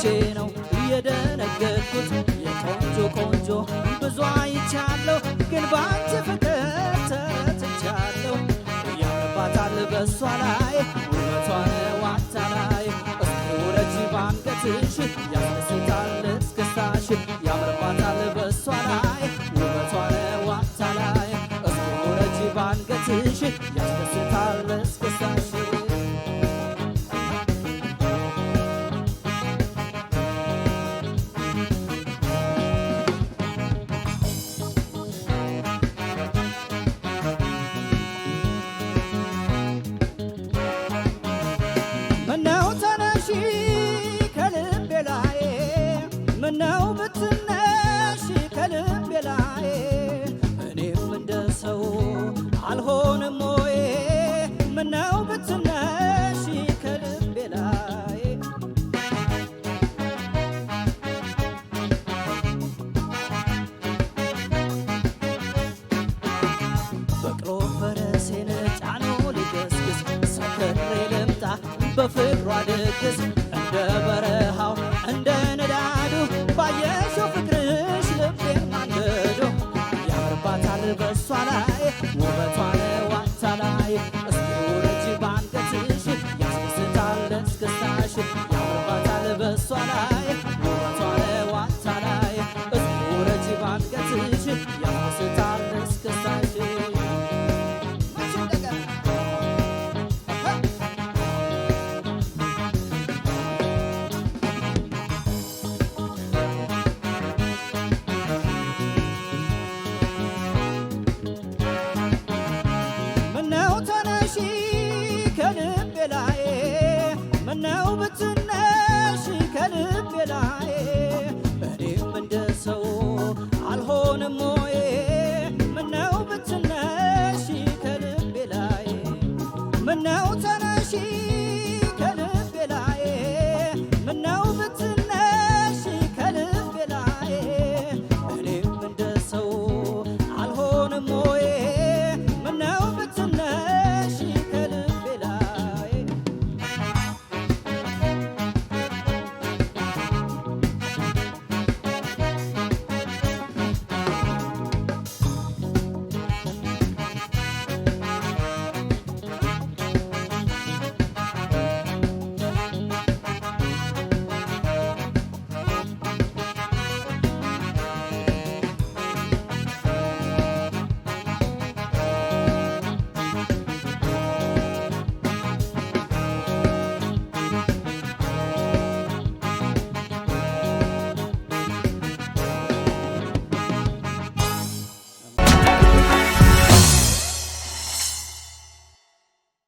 መቼ ነው እየደነገጥኩት የቆንጆ ቆንጆ ብዙ አይቻለሁ ግን ባንቺ ፍቅር ተትቻለሁ በሷ ላይ ውበቷ ዋታ ላይ ባንገትሽ ያስደስታል እስክስታሽ ያምርባታል በሷ ላይ ዋታ ላይ ባንገትሽ እስክስታሽ በፍቅሯ ድግስ እንደ በረሃው እንደ ነዳዱ ባየሽው ፍቅርሽ ልቤን ማንደዶ ያምርባታል በሷላ ላይ ምነው ብትነሽ ከልቤ ላይ